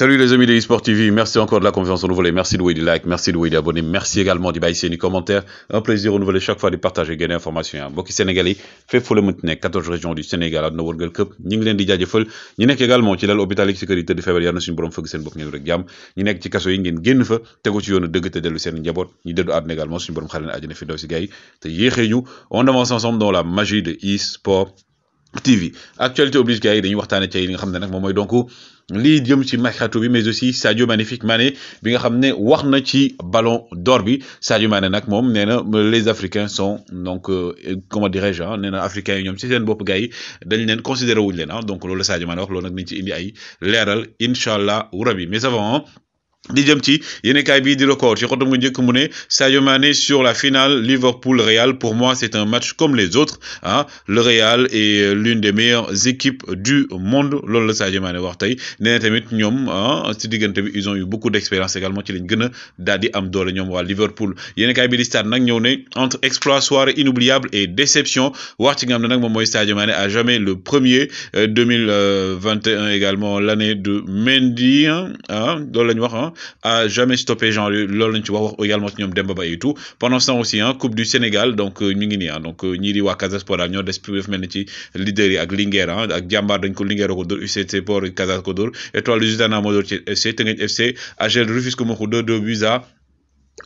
Salut les amis de eSport TV, merci encore de la confiance renouvelée, merci de vous de like, merci de vous de abonner, merci également d'y baisser les commentaires. Un plaisir renouvelé chaque fois de partager gain information. Mbokki Sénégal yi fépp fu la mënti nekk régions du Sénégal àdduna wërngal këpp ñu ngi di jaajëfal ñu nekk également ci lal hôpital yi ci kër yi tëdd feebar yal na suñu borom fëgg seen bopp ngeen nekk ci kaso yi ngeen génn fa tegu TV actualité oblige gars yi dañuy waxtaane ci li nga xam ne nag moom mooy donc lii jëm ci mercato bi mais aussi Sadio magnifique Mané bi nga xam ne wax na ci ballon d'or bi Sadio maane nag moom nee na les africains son donc euh, comme dirais-je ah nee na africains yi ñoom ci seen bopp gars yi dañ leen considéré wuñ leen ah donc loolu la Sadio Mané wax loolu nag nañ ci indi ay leeral incha allah rabi mais avant di jëm ci yéenekaay bii di record ci xotam nga njëkk mu ne Sadio Mané sur la finale Liverpool Real pour moi c'est un match comme les autres ah le Real est euh, l'une des meilleures équipes du monde loolu la Sadio Mané wax tey nee na tamit ñoom ah diggante bi ils ont eu beaucoup d'expérience également ci lañ gën a daal di am doole ñoom waa Liverpool yéenekaay bii di stade nag ñëw ne entre exploit soirée inoubliable et déception wax ci nga xam ne nag moom mooy Sadio Mané à jamais le premier 2021 euh, euh, également l'année de Mendy ah loolu la ñu wax ah a jamais stoppé genre loolu lañ ci wax wax également ci ñoom Demba Ba et aussi coupe du Sénégal donc euh, ñu ngi nii ah donc euh, ñii di waa Casa Sport daal ñoo des plus def mel ci leader ak Linguère ah ak Jàmbaar dañ ko Linguère ko dóor UCC Sport Casa ko dóor Étoile Lusitana moo dóor ci FC Teungueth FC AGEL Rufisque moo ko 2-2 buts à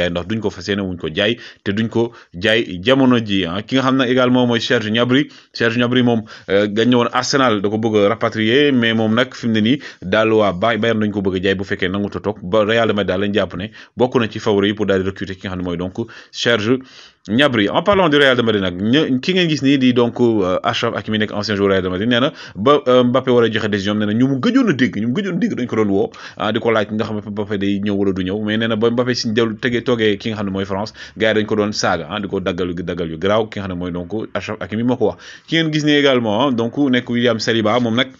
jaay ndax duñ ko fas yéene wuñ ko jaay te duñ ko jaay jamono ah. ki nga xam ne également mooy Serge Gnabry moom euh, gañ Arsenal da ko a rapatrier mais moom nag fi mu ne nii daal waa Bayern ko bëgg a jaay bu fekkee nangu ta toog ba Real Madrid daal lañ jàpp ne bokk na ci favori yi pour daal di ki nga xam ne mooy donc Serge Gnabry en parlant du Real de Madrid nag ki ngeen gis nii di donc euh, Achraf Hakimi nekk ancien joueur Real de Madrid nee ba euh, Mbappé war a joxe décision nee na ñu mu gëjoon a dégg ñu mu gëjoon a dégg dañ ko doon woo ah, di ko laaj nga xam ne Mbappé day ñëw wala du ñëw mais nee na ba Mbappé si tege toogee ki nga xam ne mooy France gars yi dañ ko doon saaga ah, di ko daggal daggal yu garaaw ki nga xam ne mooy donc Achraf Hakimi moo ko wax ki ngeen gis nii également ah,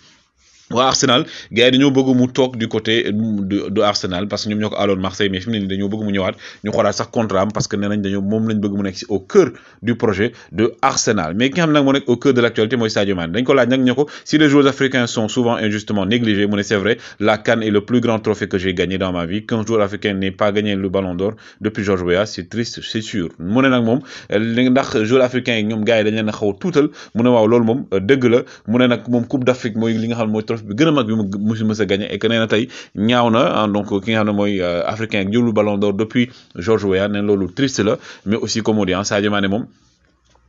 waa Arsenal gars dañoo bëgg mu toog du côté euh, du Arsenal parce que ñoom ñoo Marseille mais fi ne nii bëgg mu ñëwaat ñu xoolaat sax contrat parce que nee nañ dañoo moom lañ bëgg mu nekk si au cœur du projet de Arsenal mais ki nga xam nag moo au cœur de l' actualité mooy Sadio Mané dañ ko laaj nag ñoo ko si les joueurs africains sont souvent injustement négligés mu ne c' vrai la CAN est le plus grand trophée que j'ai gagné dans ma def bi gën a mag bi mu musu mës a gagné et que nee na tey ñaaw ah, donc ki nga xam ne mooy euh, africain jëlul ballon d'or depuis George Weah neen loolu triste la mais aussi comme on ah, dit Sadio Mané moom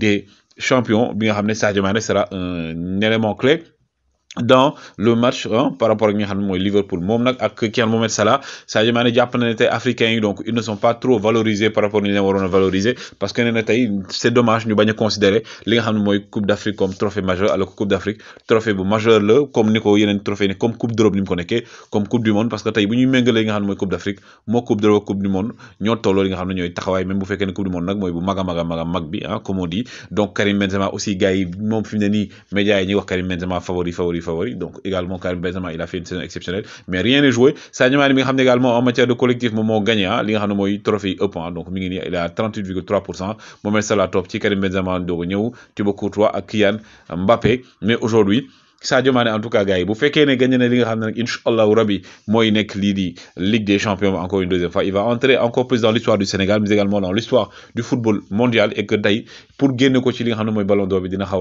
des champion bi nga xam ne Sadio Mané sera un élément clé dans le match par rapport ak nga xam ne mooy Liverpool moom nag ak ki Mohamed Salah Sadio Mané jàpp na ne tey africains yi donc ils ne sont pas trop valorisés par rapport ni leen waroon a valoriser parce que nee na tey c'est dommage ñu bañ a considérer li nga xam ne mooy coupe d'Afrique comme trophée majeur la comme ni ko yeneen trophée ni comme coupe d'Europe ni mu ko nekkee comme coupe du monde parce que tey bu ñuy méngalee li nga xam ne mooy coupe d'Afrique du favori. Donc également Karim Benzema, il a fait une saison exceptionnelle, mais rien n'est joué. Sadio Mané mi nga xam ne également en matière de collectif moom moo gagné ah, li xam ne mooy trophée ëpp ah, donc mi ngi nii il a 38,3% Mohamed Salah topp ci Karim Benzema doog a ñëw Thibaut Courtois ak Kylian mais aujourd'hui Sadio Mané en tout cas gars yi bu fekkee ne gagné xam ne nag incha allahu rabi nekk lii di Ligue des a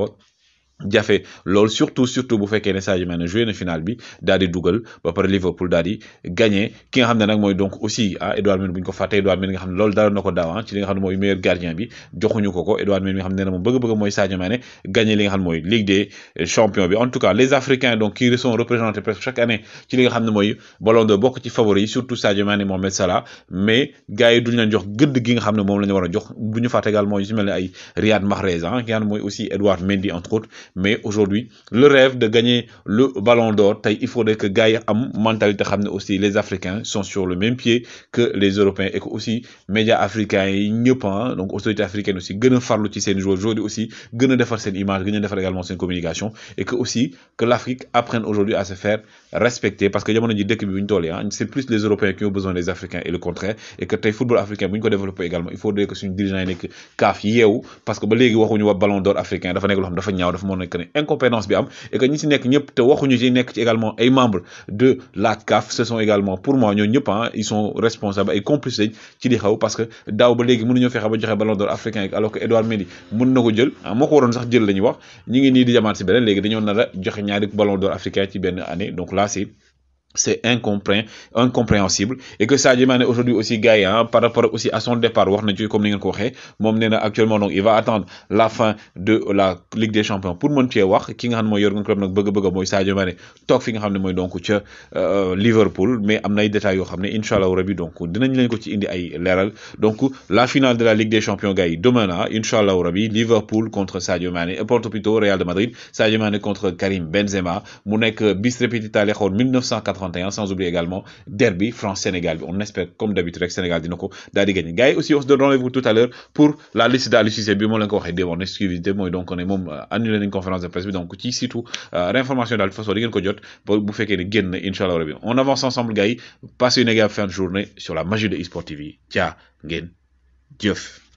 jafe loolu surtout surtout bu fekkee ne Sadio Mané joué na final bi daal di nga xam ne mooy donc aussi ah Edouard Mendy na ah, xam ne mooy meilleur gardien bi joxuñu ko ko Edouard Mendy nga xam ne nee na moom bëgg-bëgg mooy Sadio Mané gagné li nga xam ne mooy Ligue des champions bi en tout cas les Africains donc jox gëdd gi nga xam ne moom la ñu war a jox bu ñu fàtte également yu si mel ah, ki nga xam ne mooy aussi Edouard entre autres mais aujourd'hui le rêve de gagner le ballon d'or tey il faudrait que gars am mentalité xam ne aussi les africains sont sur le même pied que les européens et que aussi médias defar seen image gën defar également seen communication et que aussi que l'Afrique apprenne aujourd'hui à se faire respecter parce que jamono ji dëkk bi bu ñu c'est plus les européens qui ont besoin des africains et le contraire et que tey football africain bu ko développé ne que ne incompétence bi am et que ñi ci nekk ñëpp te waxuñu ci nekk ci également ay membres de la CAF ce sont également pour moi ñoo ñëpp ah ils sont ay complices ci li xaw parce que daaw ba léegi mënuñoo fexe ba joxe ballon d'or africain yi alors que Edouard Mendy na ko jël ah, moo ko waroon sax jël la wax ñi ngi nii di jamaat si beneen léegi dañoo nar joxe ñaari ballon d'or africain ci benn année donc là c'est c'est incompré incompréhensible et que Sadio Mané aujourd'hui aussi gars par rapport aussi à son départ wax nañ ci comme ni ngeen ko waxee moom nee actuellement il va attendre la fin de la Ligue des Champions pour mën cee wax ki nga xam ne mooy Jürgen Klopp nag bëgg bëgg mooy Sadio Mané toog fi nga xam ne mooy donc ca euh, Liverpool mais am na ay xam ne incha allah rabi donc dinañ leen ko ci indi ay leeral donc la finale de la Ligue des Champions gars yi demain là incha allah rabi Liverpool contre Sadio Mané plutôt Real de Madrid Sadio Mané contre nekk 31 sans oublier également derby France Sénégal bi on espère comme d'habitude Sénégal dina ko daal di aussi on se donne rendez tout à l'heure pour la liste d'Aliou Cissé bi moom la ñu ko ne euh, conférence de presse donc ci surtout euh, réinformation daal façon di ngeen ko jot bu ne génn incha on avance ensemble gars yi une agréable fin de journée sur la magie de eSport TV caa ngeen jëf.